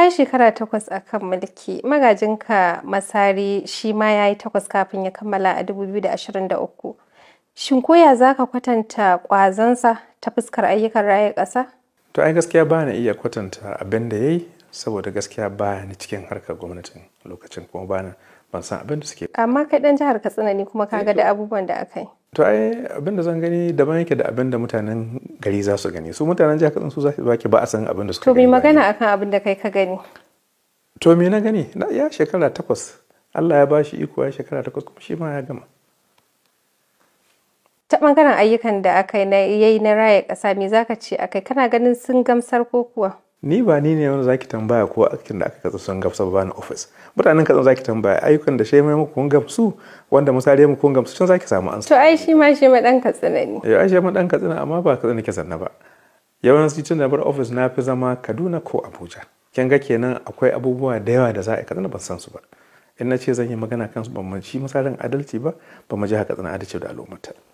yi shekara takwas a kan mulki, magajinka Masari shi ma ya yi takwas kafin ya kammala a 2023. Shin koya za ka kwatanta ƙwazonsa ta fuskar ayyukan raya ƙasa? To ai gaskiya ba na iya kwatanta abin da ya yi saboda gaskiya ba ni cikin harkar gwamnatin lokacin kuma ba ban san abin da suke. Amma kai ɗan jihar Katsina ne kuma ka ga eh, da abubuwan da aka yi. to ai abin da zan gani daban yake da abin da mutanen gari za su gani su mutanen jihar katsina su za su baki ba a san abin da suka gani to mi magana akan abin da kai ka gani to me na gani na ya shekara takwas Allah ya bashi iko ya shekara takwas kuma shi ma ya gama ta bangaren ayyukan da aka yi na raya ƙasa me zaka ce akai kana ganin sun gamsar ko kuwa ni ba ni ne wanda zaki tambaya ko aikin da aka katsa sun gamsu ba ni office mutanen katsa zaki tambaya ayyukan da shema muku kun gamsu wanda misali muku kun gamsu can zaki samu ansa to ai shi ma shi ma dan katsina ne eh, ai shi ma dan katsina amma ba katsina ke sanna ba yawanci tun da bar office na fi zama Kaduna ko Abuja kin ga kenan akwai abubuwa da yawa da za a katsina ban san su ba in na ce zan yi magana kansu ban ci misalin adalci ba ba mu ji haka tsana adalci da al'ummata